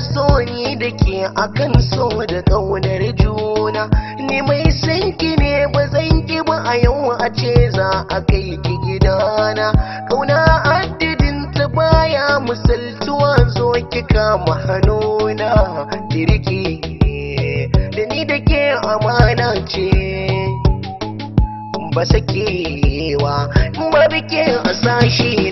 so ni da ke akan so da ƙaunar juna ni mai san ne ba zan ki ba a yau a ce za a kai ki gidana ƙauna addidin ta baya misaltuwa zo ki kama hannuna kirki da ni da ke amana ce ba sakewa ba bike a sashi